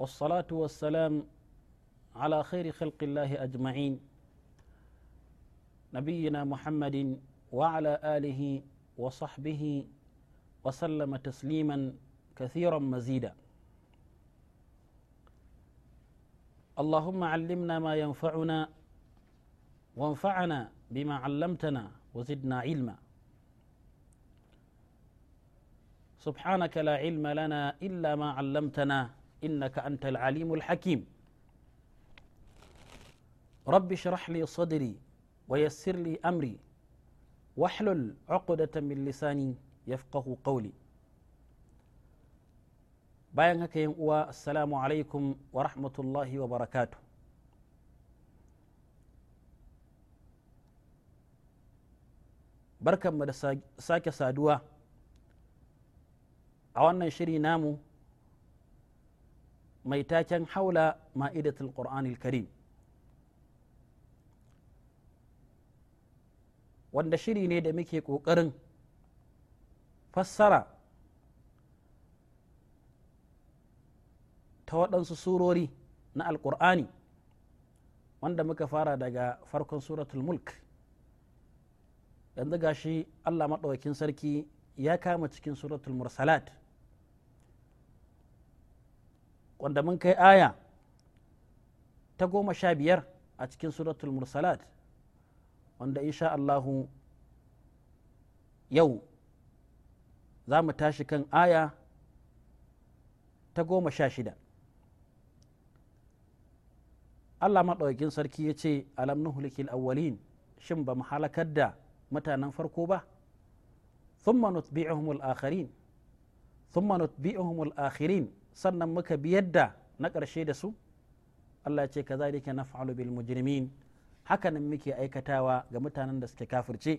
والصلاة والسلام على خير خلق الله أجمعين نبينا محمد وعلى آله وصحبه وسلم تسليما كثيرا مزيدا اللهم علمنا ما ينفعنا وانفعنا بما علمتنا وزدنا علما سبحانك لا علم لنا إلا ما علمتنا إنك أنت العليم الحكيم رب اشرح لي صدري ويسر لي أمري واحلل عقدة من لساني يفقه قولي bayan haka yin uwa assalamu alaikum wa rahmatullahi wa barakatu barkanmu da sake saduwa a wannan shiri namu mai taken haula ma'idatul qur'anil karim wanda shiri ne da muke ƙoƙarin fassara ta waɗansu surori na alƙur'ani wanda muka fara daga farkon suratul mulk yanzu gashi allah maɗaukin sarki ya kama cikin suratul mursalat wanda mun kai aya ta goma sha biyar a cikin suratul mursalat wanda insha Allahu yau za mu tashi kan aya ta goma sha shida Allah maɗaukin sarki ya ce alam nuhlikil awwalin shin ba mu halakar da mutanen farko ba thumma nutbi'uhum al-akhirin thumma nutbi'uhum al-akhirin sannan muka bi yadda na ƙarshe da su Allah ce ka zalika naf'alu bil mujrimin hakanan muke aikatawa ga mutanen da suke kafirce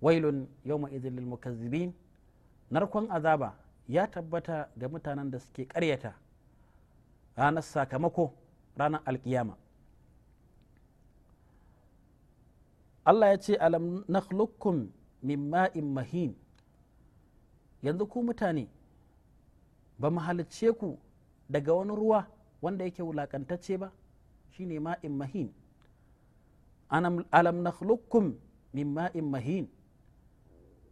wailun yawma idhil lil mukazzibin narkon azaba ya tabbata ga mutanen da suke ƙaryata ranar sakamako ranar alkiyama Allah ya ce alam nakhluqukum min ma'in mahin yanzu ku mutane ba mu halicce ku daga wani ruwa wanda yake wulakantacce ba shine ma'in mahin alam nakhluqukum min ma'in mahin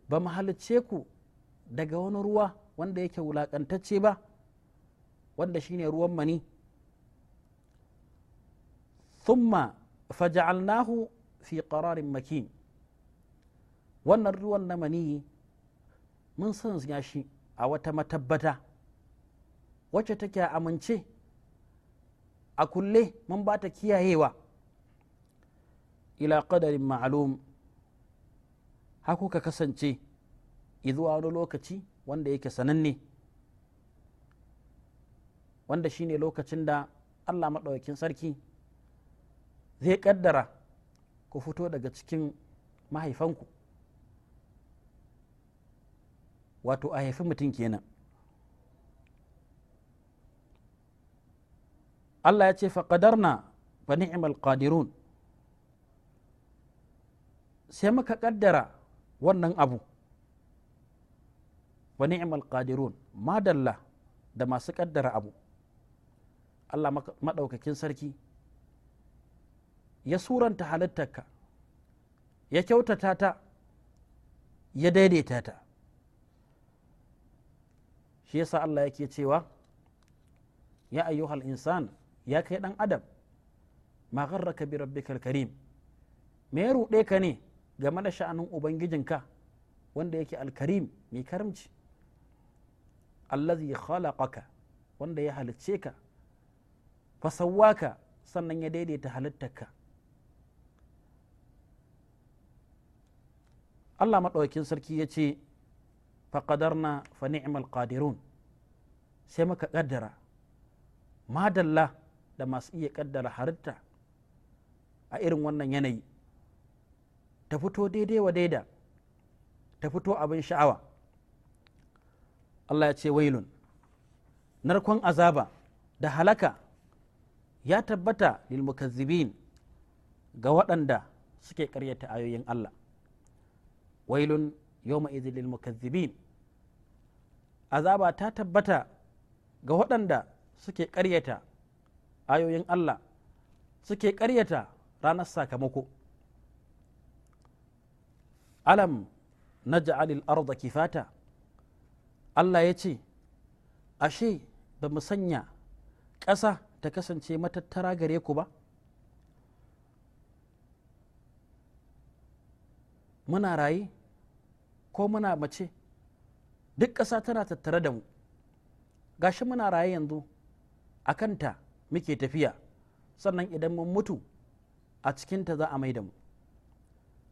ba mu halicce ku daga wani ruwa wanda yake wulakantacce ba wanda shine ruwan mani thumma faja'alnahu fi qararin makin wannan ruwan na mani mun san shi a wata matabbata wacce take amince a kulle mun ba ta kiyayewa ila qadarin ma'alum haku ka kasance izuwa wani lokaci wanda yake sananne wanda shine lokacin da allah maɗaukin sarki zai ƙaddara ku fito daga cikin mahaifanku wato a haifi mutum kenan Allah ya ce faƙadarna fa ni'mal qadirun sai muka ƙaddara wannan abu wa ni'mal qadirun madalla da masu ƙaddara abu Allah maɗaukakin sarki ya suranta halittarka ya kyautata ta ya daidaita ta shi yasa Allah yake cewa ya ayyuhal insan ya kai dan adam ma gharraka bi rabbikal karim me ya ruɗe ka ne game da sha'anin ubangijinka wanda yake alkarim mai karimci allazi khalaqaka wanda ya halicce ka fasawaka sannan ya daidaita halittarka Allah maɗaukin sarki ya ce faƙadarna fa ni'mal qadirun sai muka ƙaddara madalla da masu iya kaddara halitta a irin wannan yanayi ta fito daidai wa daida ta fito abin sha'awa Allah ya ce wailun narkon azaba da halaka ya tabbata lilmukazzibin ga waɗanda suke ƙaryata ayoyin Allah wailun yawma idhil lilmukazzibin azaba ta tabbata ga waɗanda suke ƙaryata ayoyin Allah suke ƙaryata ranar sakamako alam na ja’alil arda kifata Allah ya ce ashe ba mu sanya ƙasa ta kasance matattara gare ku ba muna raye ko muna mace duk ƙasa tana tattare da mu gashi muna raye yanzu a kanta muke tafiya sannan idan mun mutu a cikinta za a mai da mu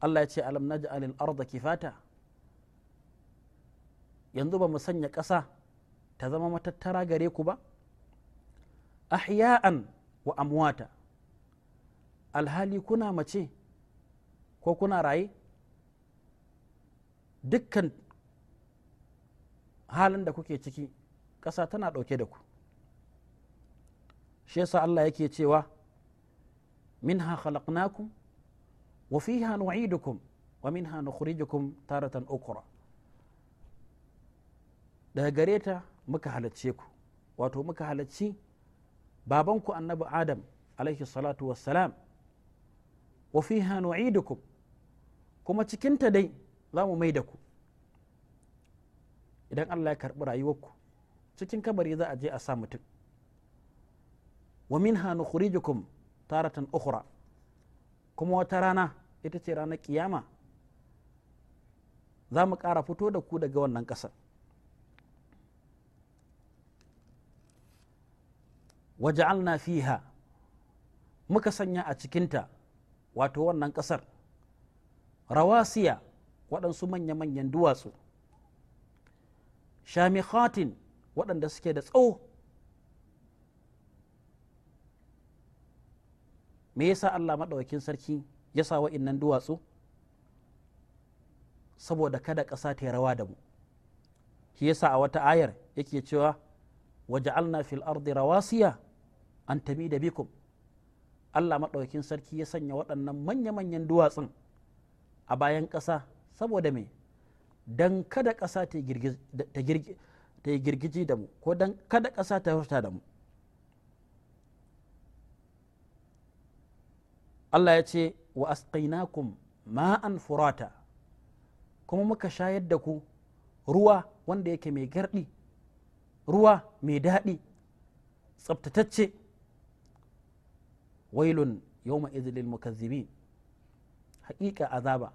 Allah ya ce alam naj'al al-ardha kifata yanzu ba mu sanya ƙasa ta zama matattara gare ku ba ahya'an wa amwata alhali kuna mace ko kuna raye dukkan halin da kuke ciki ƙasa tana ɗauke da ku shi yasa Allah yake cewa minha khalaqnakum wa fiha nu'idukum wa minha nukhrijukum taratan ukra daga gare ta muka halacce ku wato muka halacci babanku annabi adam alaihi salatu wassalam wa fiha nu'idukum kuma cikinta dai za mu mai da ku idan Allah ya karɓi rayuwarku cikin kabari za a je a sa mutum wa minha nukhrijukum taratan ukhra kuma wata rana ita ce ranar kiyama za mu ƙara fito da ku daga wannan ƙasar waja'alna fiha muka sanya a cikinta wato wannan ƙasar rawasiya waɗansu manya-manyan duwatsu shamikhatin waɗanda suke da tsawo me yasa Allah maɗaukin sarki ya sa wa'innan duwatsu saboda kada ƙasa ta rawa da mu shi yasa a wata ayar yake cewa waja'alna fil ardi rawasiya an da bikum Allah maɗaukin sarki ya sanya waɗannan manya-manyan duwatsun a bayan ƙasa saboda me dan kada ƙasa ta girgiji da mu ko dan kada ƙasa ta hurta da mu Allah ya ce wa asqainakum ma'an furata kuma muka shayar da ku ruwa wanda yake mai gardi ruwa mai daɗi tsabtatacce wailun yawma izlil mukazzibi haƙiƙa azaba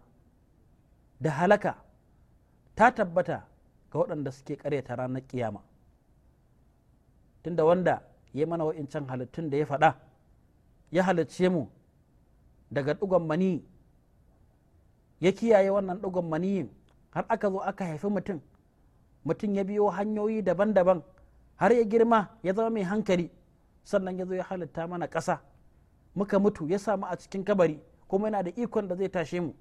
da halaka ta tabbata ga waɗanda suke ƙaryata ranar ƙiyama tunda wanda ya mana wa'incan halittun da ya faɗa ya halicce mu daga ɗugon mani ya kiyaye wannan ɗugon maniyin har aka zo aka haifi mutum mutum ya biyo hanyoyi daban-daban har ya girma ya zama mai hankali sannan ya zo ya halitta mana ƙasa muka mutu ya samu a cikin kabari kuma yana da ikon da zai tashe mu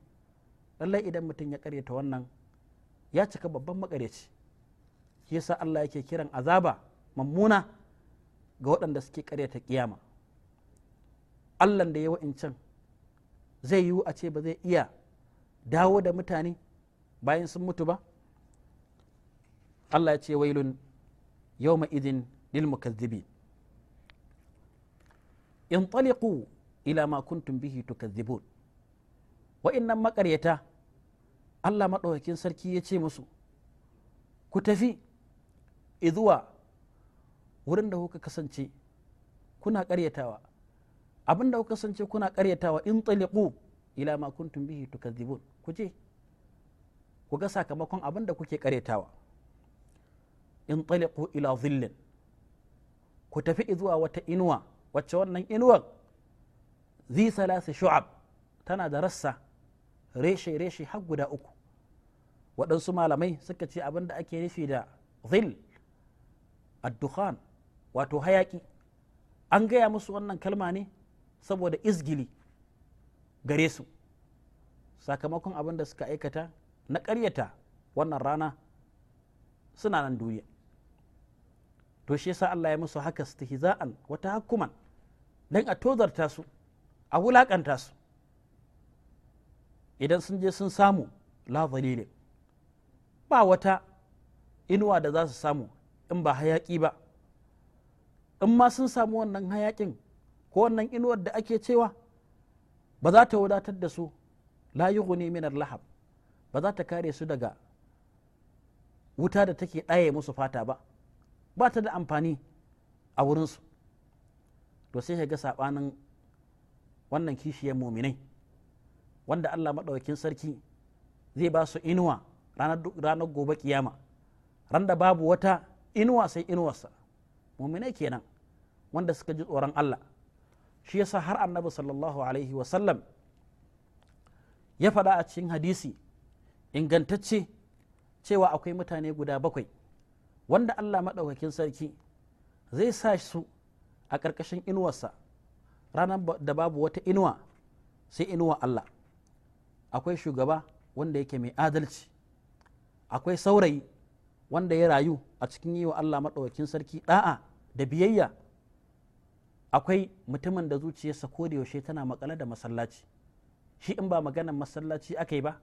lallai idan mutum ya karyata wannan ya cika babban makaryaci shi yasa Allah yake kiran azaba mummuna ga waɗanda suke karyata kiyama Allah da ya wa'incan zai yiwu a ce ba zai iya dawo da mutane bayan sun mutu ba Allah ya ce wailun yau idin lil mukazzibin in taliqu ila ma kuntum bihi tukazzibun wa'innan maƙaryata. Allah maɗaukakin sarki ya ce musu ku tafi izuwa wurin da kuka kasance kuna ƙaryatawa abin da kuka sance kuna karyatawa in taliqu ila ma kuntum bihi tukadhibun ku je ku ga sakamakon abin da kuke karyatawa in taliqu ila dhillin ku tafi zuwa wata inuwa wacce wannan inuwar zi salasi shu'ab tana da rassa reshe reshe har guda uku waɗansu malamai suka ce abin da ake nufi da zil addukhan wato hayaki an gaya musu wannan kalma ne saboda izgili gare su sakamakon abin da suka aikata na ƙaryata wannan rana suna nan duniya to shi yasa Allah ya musu haka istihza'an wata hakuman dan a tozarta su a wulakanta su idan sun je sun samu la zalilin ba wata inuwa da za su samu in ba hayaki ba in ma sun samu wannan hayakin ko wannan inuwar da ake cewa ba za ta wadatar da su la ne minar lahab ba za ta kare su daga wuta da take ɗaye musu fata ba ba ta da amfani a wurinsu to sai ga saɓanin wannan kishiyar muminai wanda allah maɗaukin sarki zai ba su inuwa ranar gobe kiyama Randa babu wata inuwa sai inuwarsa muminai kenan wanda suka ji tsoron allah shi yasa har annabi sallallahu alaihi wasallam ya faɗa a cikin hadisi ingantacce cewa akwai mutane guda bakwai wanda allah maɗaukakin sarki zai sa su a ƙarƙashin inuwarsa ranar da babu wata inuwa sai inuwa allah akwai shugaba wanda yake mai adalci akwai saurayi wanda ya rayu a cikin yi wa allah maɗaukakin sarki ɗa'a da biyayya akwai mutumin da zuciyarsa ko da yaushe tana makala da masallaci shi in ba maganar masallaci aka yi ba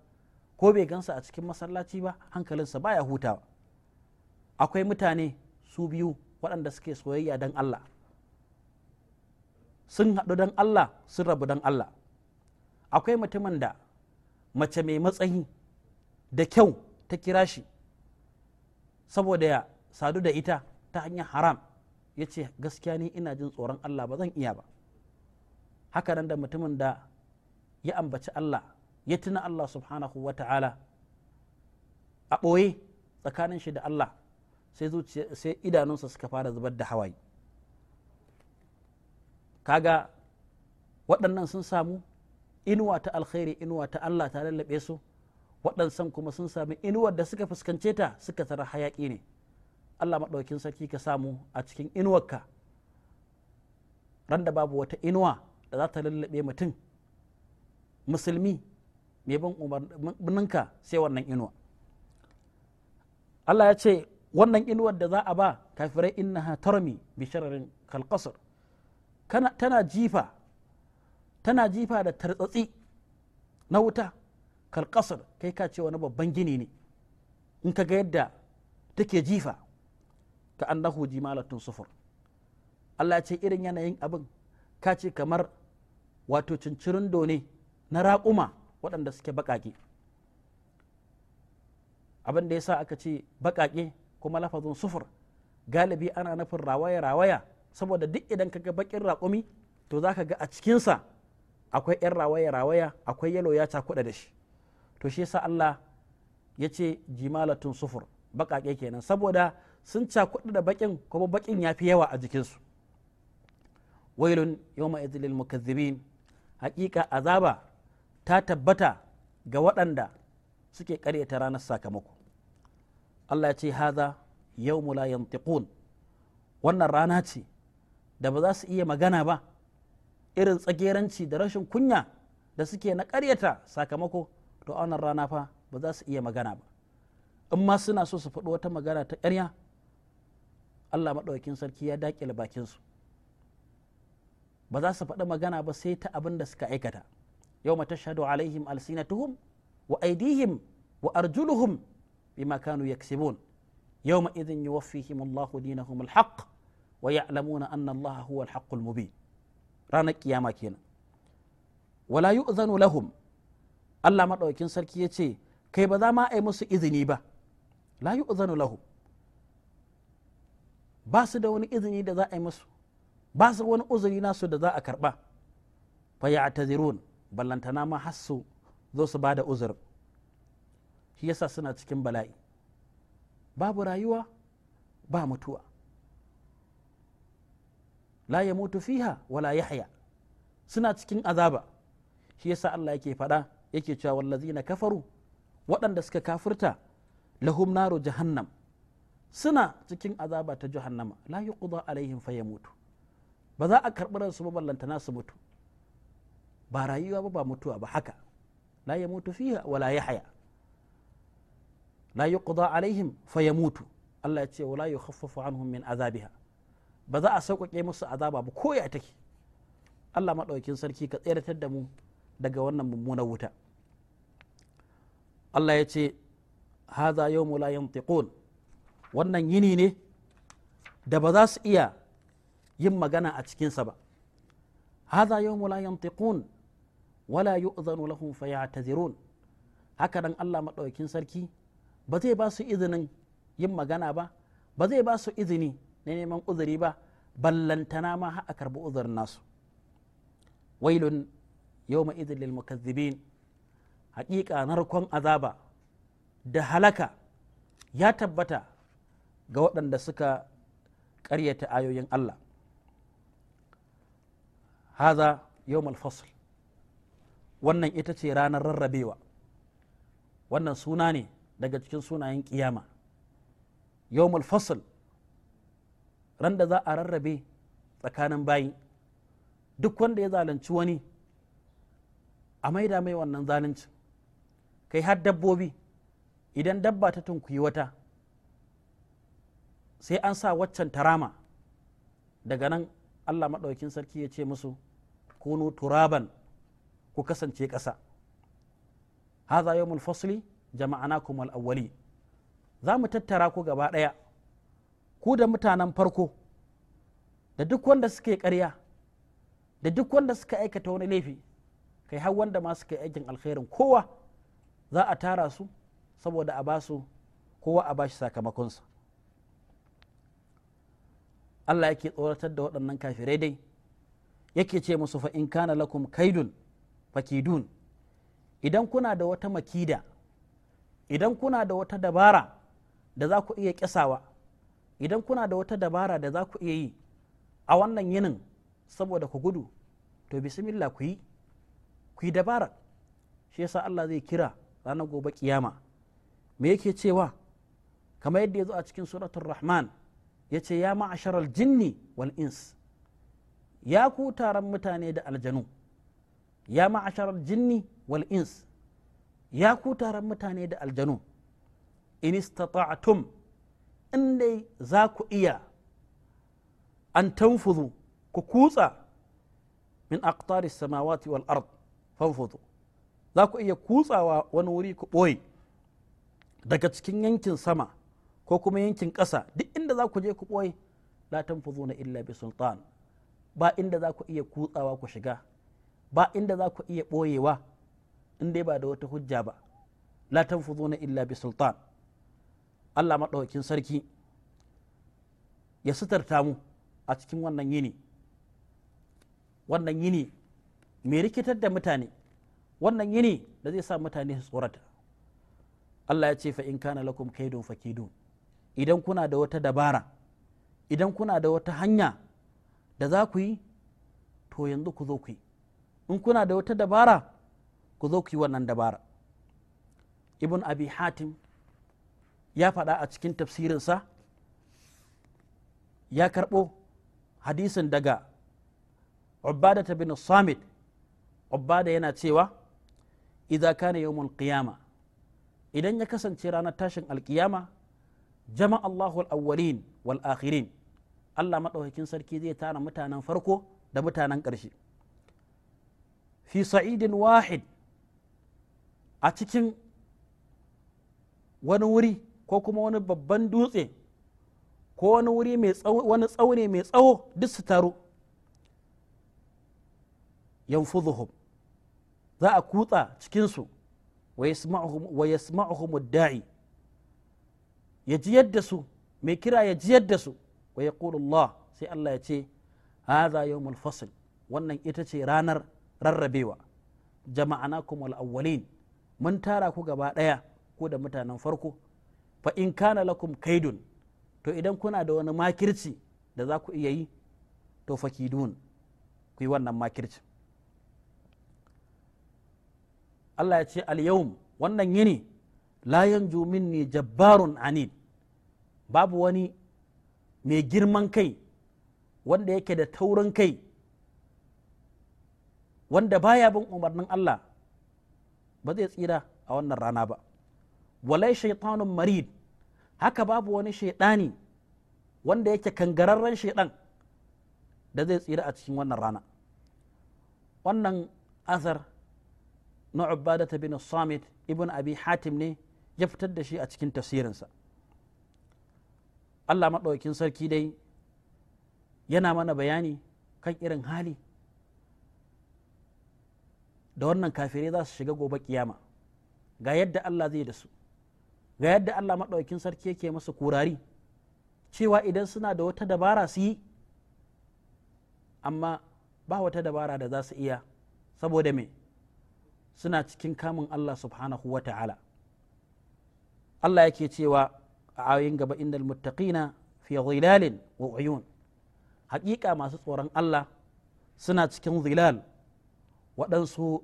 ko bai gansa a cikin masallaci ba hankalinsa baya hutawa akwai mutane su biyu waɗanda suke soyayya don Allah sun haɗu don Allah sun rabu don Allah akwai mutumin da mace mai matsayi da kyau ta kira shi saboda ya sadu da ita ta hanyar haram ya ce gaskiya ni ina jin tsoron Allah ba zan iya ba haka nan da mutumin da ya ambaci Allah ya tuna Allah subhanahu wa ta'ala a ɓoye tsakanin shi da Allah sai sai idanunsa suka fara zubar da hawaye kaga waɗannan sun samu inuwa ta alkhairi inuwa ta Allah ta lallaɓe su waɗansan kuma sun sami inuwar da suka fuskance ta suka tara hayaƙi ne Allah maɗaukin sarki ka samu a cikin inuwarka ran da babu wata inuwa da za ta lallaɓe mutum musulmi mai bin umarninka sai wannan inuwa Allah ya ce wannan inuwar da za a ba kafirai innaha tarmi bi shararin kalkasar tana jifa tana jifa da tartsatsi na wuta kalkasar kai ka ce wani babban gini ne in ka ga yadda take jifa ka annahu jimalatun sufur Allah ce irin yanayin abin ka ce kamar wato cincirin ne na raƙuma waɗanda suke baƙaƙe abin da ya sa aka ce baƙaƙe kuma lafazin sufur galibi ana nufin rawaya-rawaya saboda duk idan ka ga baƙin raƙumi to za ka ga a cikinsa akwai 'yan rawaya-rawaya akwai yalo ya cakuɗa da shi to shi yasa Allah ya ce jimalatun sufur baƙaƙe kenan saboda sun ca kuɗi da baƙin kuma baƙin ya fi yawa a jikinsu wailun yawma idlil mukazzibin haƙiƙa azaba ta tabbata ga waɗanda suke ƙaryata ranar sakamako Allah ya ce haza yau mula yantiqun wannan rana ce da ba za su iya magana ba irin tsageranci da rashin kunya da suke na ƙaryata sakamako to wannan rana fa ba za su iya magana ba in ma suna so su faɗi wata magana ta ƙarya Allah maɗaukin sarki ya daƙile bakinsu ba za su faɗi magana ba sai ta abin suka aikata yau mata alaihim alsinatuhum wa aidihim wa arjuluhum bima kanu yaksibun yau ma idin yi wafihim Allahu dinahum alhaq wa ya'lamuna anna Allah huwa alhaqqul mubin ranar kiyama kenan wala yu'zanu lahum Allah maɗaukin sarki ya kai ba za ma ai musu izini ba la yu'zanu lahum ba su da wani izini da za a yi musu ba su wani uzuri nasu da za a karba fa ya tazirun ballantana ma har zo su ba da uzur shi yasa suna cikin bala'i babu rayuwa ba mutuwa la ya mutu fiha wala yahya suna cikin azaba shi yasa Allah yake faɗa yake cewa wallazina kafaru waɗanda suka kafirta lahum naru jahannam suna cikin azaba ta jahannama la yuqda alaihim mutu. ba za a karɓi ransu ba ballantana su mutu ba rayuwa ba ba mutuwa ba haka la yamutu fiha wala yahya la yuqda alaihim mutu. Allah ya ce wala yukhaffafu anhum min azabiha ba za a sauƙaƙe musu azaba ba ko ya take Allah maɗaukin sarki ka tseratar da mu daga wannan mummunar wuta Allah ya ce haza yawmu la yantiqun wannan yini ne da ba za su iya yin magana a cikinsa ba haza yawmu la yantiqun wala yu'zanu lahum fayatazirun haka dan Allah madaukakin sarki ba zai ba su izinin yin magana ba ba zai ba su izini na neman uzuri ba ballantana ma har a karbi uzurin nasu wailun yawma idhil lil mukazzibin haƙiƙa narkon azaba da halaka ya tabbata ga waɗanda suka ƙaryata ayoyin Allah haza yawmal fasl wannan ita ce ranar rarrabewa wannan suna ne daga cikin sunayen kiyama yawmal fasl ran da za a rarrabe tsakanin bayi duk wanda ya zalunci wani a maida mai wannan zalunci kai har dabbobi idan dabba ta tunkuyi wata sai an sa waccan tarama daga nan allah maɗaukin sarki ya ce musu kunu turaban ku kasance ƙasa haza yawmul fasli jama'ana al-awwali za mu tattara ku gaba ɗaya ku da mutanen farko da duk wanda suke ƙarya da duk wanda suka aikata wani laifi kai har wanda ma suka aikin alkhairin kowa za a tara su saboda a basu kowa a bashi sakamakonsa Allah yake tsoratar da waɗannan kafirai dai yake ce musu fa in kana lakum kaidun fakidun idan kuna da wata makida idan kuna da wata dabara da za ku iya kisawa idan kuna da wata dabara da za ku iya yi a wannan yinin saboda ku gudu to bismillah ku yi ku yi dabara shi yasa Allah zai kira ranar gobe kiyama me yake cewa kamar yadda ya zo a cikin suratul rahman ya ce ya ma'asharar jinni wal ins ya ku taron mutane da aljanu ya ma'asharar jinni wal ins ya ku taron mutane da aljanu in istata'tum in dai za ku iya an tanfudu ku kutsa min aqtari samawati wal ard fanfudu za ku iya kutsawa wani wuri ku ɓoye daga cikin yankin sama ko kuma yankin ƙasa duk inda za ku je ku ɓoye la tanfuzuna illa bi sultan ba inda za ku iya kutsawa ku shiga ba inda za ku iya ɓoyewa in dai ba da wata hujja ba la tanfuzuna illa bi sultan Allah maɗaukin sarki ya sitarta mu a cikin wannan yini wannan yini mai rikitar da mutane wannan yini da zai sa mutane su tsorata Allah ya ce fa in kana lakum kaidun fakidun idan kuna da wata dabara idan kuna da wata hanya da za ku yi to yanzu ku zo ku yi in kuna da wata dabara ku zo ku yi wannan dabara ibn abi hatim ya faɗa a cikin tafsirinsa ya karɓo hadisin daga ubada ta bin samit ubada yana cewa idza kana yawmul qiyama idan ya kasance ranar tashin alkiyama jama Allahu awwalin wal akhirin Allah maɗaukakin sarki zai tara mutanen farko da mutanen ƙarshe fi sa'idin wahid a cikin wani wuri ko kuma wani babban dutse ko wani wuri mai tsawo wani mai tsawo duk su taro yanfudhuhum za a kutsa cikinsu wa yasma'uhum da'i ya ji yadda su mai kira ya ji yadda su wa ya Allah sai Allah ya ce hadha yawmul fasl wannan ita ce ranar rarrabewa jama'anakum wal awwalin mun tara ku gaba ɗaya ko da mutanen farko fa in kana lakum kaidun to idan kuna da wani makirci da za ku iya yi to fakidun ku yi wannan makirci Allah ya ce al-yawm wannan yini la yanju minni jabbarun anid babu wani mai girman kai wanda yake da taurin kai wanda baya bin umarnin Allah ba zai tsira a wannan rana ba walai shaitanun marid haka babu wani shaidani wanda yake kangararren shaidan da zai tsira a cikin wannan rana wannan azar na ubadata bin samit ibn abi hatim ne ya fitar da shi a cikin tafsirinsa allah maɗaukin sarki dai yana mana bayani kan irin hali da wannan kafirai za su shiga gobe kiyama ga yadda allah zai da su ga yadda allah maɗaukin sarki yake masa kurari cewa idan suna da wata dabara su yi amma ba wata dabara da za su iya saboda me suna cikin kamun allah subhanahu wa ta'ala allah yake cewa ayoyin gaba inda muttaqina fi zilalin wa uyun haƙiƙa masu tsoron Allah suna cikin zilal waɗansu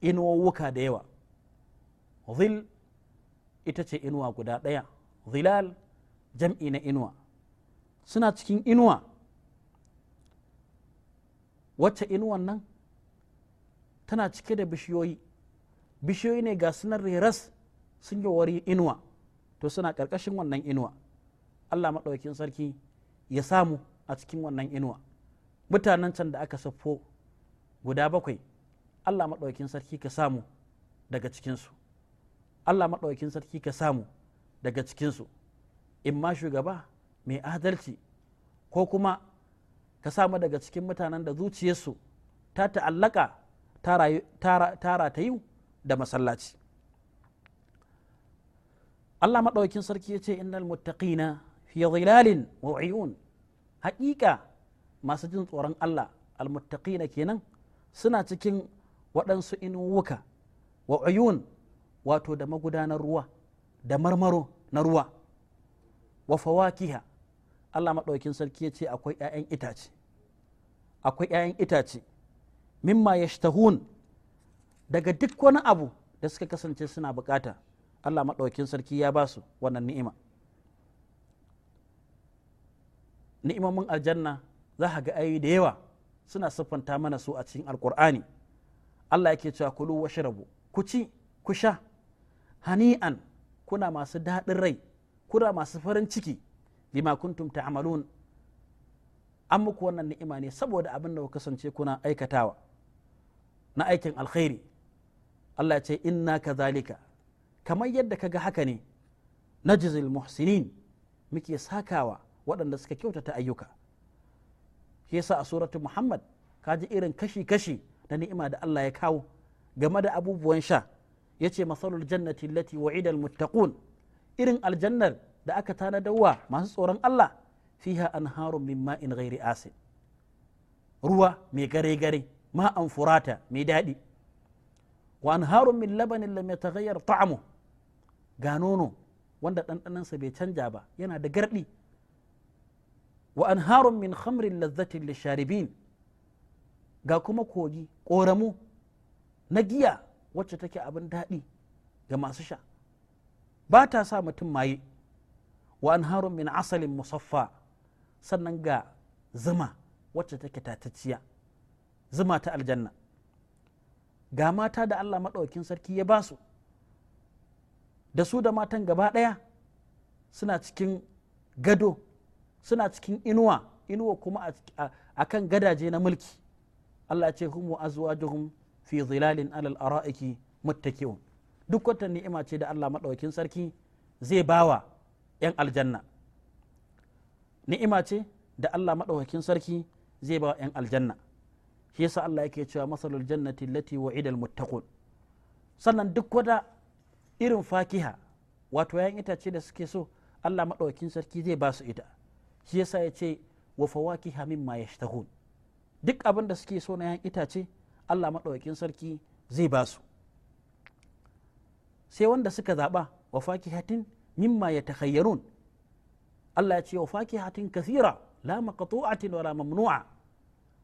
inuwowuka da yawa zil ita ce inuwa guda ɗaya zilal jam'i na inuwa suna cikin inuwa wacce inuwan nan tana cike da bishiyoyi bishiyoyi ne ga sunan reras sun yi wari inuwa to suna ƙarƙashin wannan inuwa allah maɗaukin sarki ya samu a cikin wannan inuwa mutanen can da aka saffo guda bakwai allah maɗaukin sarki ka samu daga cikinsu allah maɗaukin sarki ka samu daga cikinsu in ma shugaba mai adalci ko kuma ka samu daga cikin mutanen da zuciyarsu ta ta'allaka tara ta yi da masallaci Allah maɗaukin sarki ya ce innal muttaqina fi zilalin wa uyun haƙiƙa masu jin tsoron Allah almuttaqina kenan suna cikin waɗansu inuwuka wa uyun wato da magudanar ruwa da marmaro na ruwa wa fawakiha Allah maɗaukin sarki ya ce akwai 'ya'yan itace akwai 'ya'yan itace mimma yashtahun daga duk wani abu da suka kasance suna bukata Allah maɗaukin sarki ya ba su wannan ni'ima ni'imomin aljanna za ka ga ayi da yawa suna siffanta mana su a cikin alkur'ani Allah yake cewa kulu washrabu ku ci ku sha hani'an kuna masu daɗin rai kuna masu farin ciki bima kuntum ta'malun an muku wannan ni'ima ne saboda abin da ku kasance kuna aikatawa na aikin alkhairi Allah ya ce inna zalika. kamar yadda kaga haka ne najzil muhsinin muke sakawa waɗanda suka kyautata ayyuka shi yasa a suratu muhammad kaji irin kashi kashi na ni'ima da Allah ya kawo game da abubuwan sha yace masalul jannati wa wa'ida almuttaqun irin aljannar da aka dawa masu tsoron Allah fiha anharun min ma'in ghairi asin ruwa mai gare gare ma'an furata mai daɗi wa anharun min labanin lam yataghayyar ta'amu ga nono wanda ɗanɗanansa bai canja ba yana da garɗi wa anharun min khamrin lazzatin lisharibin ga kuma kogi ƙoramu na giya wacce take abin daɗi ga masu sha ba ta sa mutum maye wa anharun min asalin musaffa sannan ga zuma wacce take tatacciya zuma ta aljanna ga mata da Allah maɗaukin sarki ya basu da su da matan gaba ɗaya suna cikin gado suna cikin inuwa inuwa kuma a kan gadaje na mulki Allah ce humu azwajuhum fi zilalin alal ara'iki muttaki'un duk wata ni'ima ce da Allah maɗaukin sarki zai bawa 'yan aljanna ni'ima ce da Allah maɗaukakin sarki zai bawa 'yan aljanna shi yasa Allah yake cewa masalul jannati allati wa'idal muttaqun sannan duk wata irin fakiha wato yayin itace da suke so Allah madaukakin sarki zai ba su ita shi yasa ya ce wa fawakiha mimma yashtahun duk abin da suke so na yayin itace Allah madaukakin sarki zai ba su sai wanda suka zaba wa fakihatin mimma yatakhayyarun Allah ya ce wa fakihatin kathira la maqtu'atin wala mamnu'a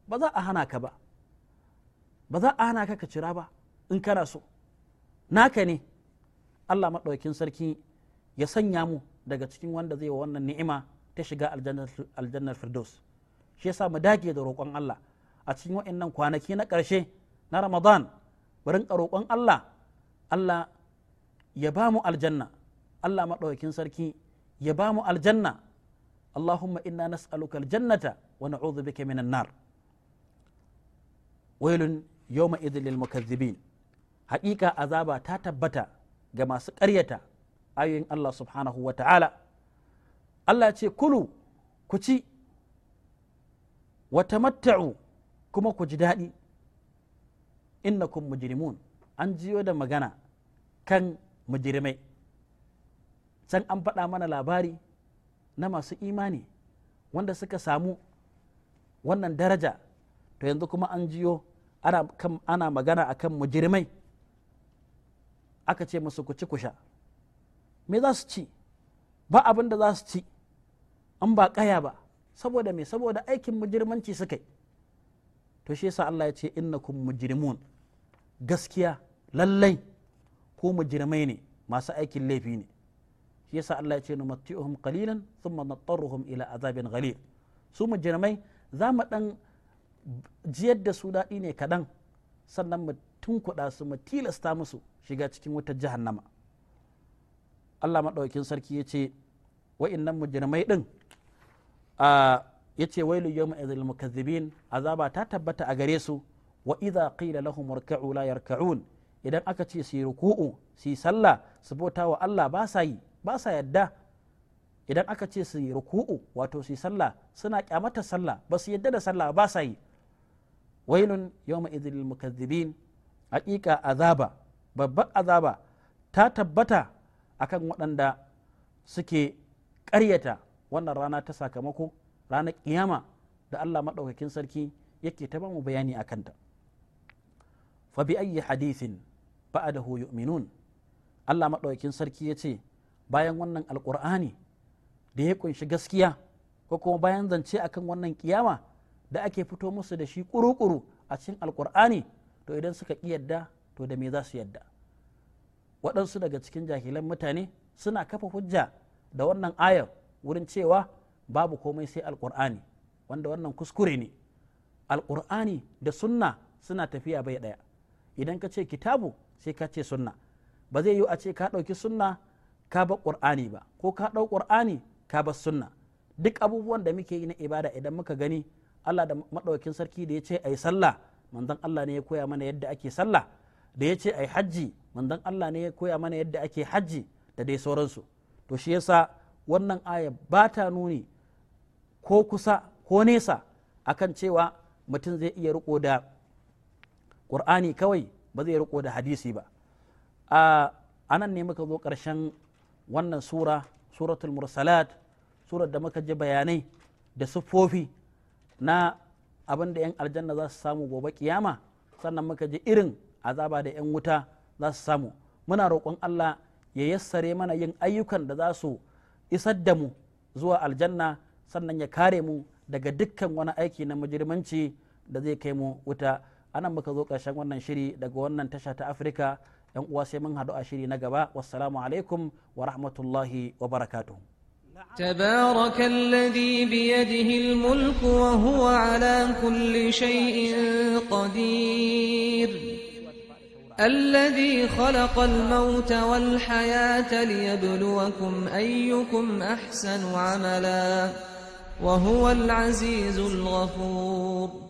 ba za a hana ka ba ba za a hana ka ka cira ba in kana so naka ne Allah maɗaukin sarki ya sanya mu daga cikin wanda zai wa wannan ni'ima ta shiga aljannar firdaus shi yasa mu dage da roƙon Allah a cikin waɗannan kwanaki na ƙarshe na ramadan barin roƙon Allah Allah ya ba mu aljanna Allah maɗaukin sarki ya ba mu aljanna Allahumma inna nas'aluka wani wa na'udhu bika minan wailun yawma idhil mukazzibin haƙiƙa azaba ta tabbata ga masu ƙaryata ayoyin Allah subhanahu wa ta'ala Allah ce kulu ku ci wa kuma ku ji daɗi innakum mujrimun an jiyo da magana kan mujrimai can an faɗa mana labari na masu imani wanda suka samu wannan daraja to yanzu kuma an jiyo ana magana akan mujirmai aka ce musu ku ci kusha. me za su ci ba abin da za su ci an ba kaya ba saboda me saboda aikin mujirmanci suka yi to shi yasa Allah ya ce innakum mujrimun gaskiya lallai ko mujirmai ne masu aikin laifi ne shi yasa Allah ya ce numatti'uhum qalilan thumma nattaruhum ila azabin ghalil su mujirmai za mu dan jiyar da su daɗi ne kaɗan sannan mu tunkuɗa su mu tilasta musu shiga cikin wutar jahannama Allah maɗaukin sarki ya ce wa'innan mujirmai ɗin ya ce wai wailu yawma idhil mukazzibin azaba ta tabbata a gare su wa idza qila lahum irka'u la yarka'un idan aka ce su yi ruku'u su yi sallah su bauta wa Allah ba sa yi ba sa yadda idan aka ce su yi ruku'u wato su yi sallah suna kyamata sallah ba su yadda da sallah ba sa yi wailun yawma idhil mukazzibin haƙiƙa azaba babbar azaba ta tabbata akan waɗanda suke ƙaryata wannan rana ta sakamako ranar ƙiyama da Allah maɗaukakin sarki yake ta bamu bayani a kanta fa bi ayyi hadithin ba'dahu yu'minun Allah maɗaukakin sarki ya ce bayan wannan alƙur'ani da ya kunshi gaskiya ko kuma bayan zance akan wannan ƙiyama da ake fito musu da shi kuru-kuru a cikin alkur'ani to idan suka ƙi yadda to da me za su yadda waɗansu daga cikin jahilan mutane suna kafa hujja da wannan ayar wurin cewa babu komai sai alkur'ani wanda wannan kuskure ne alkur'ani da sunna suna tafiya bai ɗaya idan ka ce kitabu sai ka ce sunna ba zai yiwu a ce ka ɗauki sunna ka ba ƙur'ani ba ko ka ɗau ƙur'ani ka ba sunna duk abubuwan da muke yi na ibada idan muka gani Allah da maɗaukin sarki da ya ce a yi sallah manzon Allah ne ya koya mana yadda ake sallah da ya ce a yi hajji manzon Allah ne ya koya mana yadda ake hajji da dai sauransu to shi yasa wannan aya ba ta nuni ko kusa ko nesa akan cewa mutum zai iya riko da qur'ani kawai ba zai riko da hadisi ba a nan ne muka zo ƙarshen wannan sura suratul mursalat surar da muka ji bayanai da siffofi na abin da 'yan aljanna za su samu gobe kiyama sannan muka ji irin azaba da 'yan wuta za su samu muna roƙon Allah ya yassare mana yin ayyukan da za su isar da mu zuwa aljanna sannan ya kare mu daga dukkan wani aiki na majirmanci da zai kai mu wuta anan muka zo ƙarshen wannan shiri daga wannan tasha ta afirka yan uwa sai mun haɗu a shiri na gaba wassalamu alaikum wa rahmatullahi wa barakatuhu تبارك الذي بيده الملك وهو على كل شيء قدير الذي خلق الموت والحياة ليبلوكم أيكم أحسن عملا وهو العزيز الغفور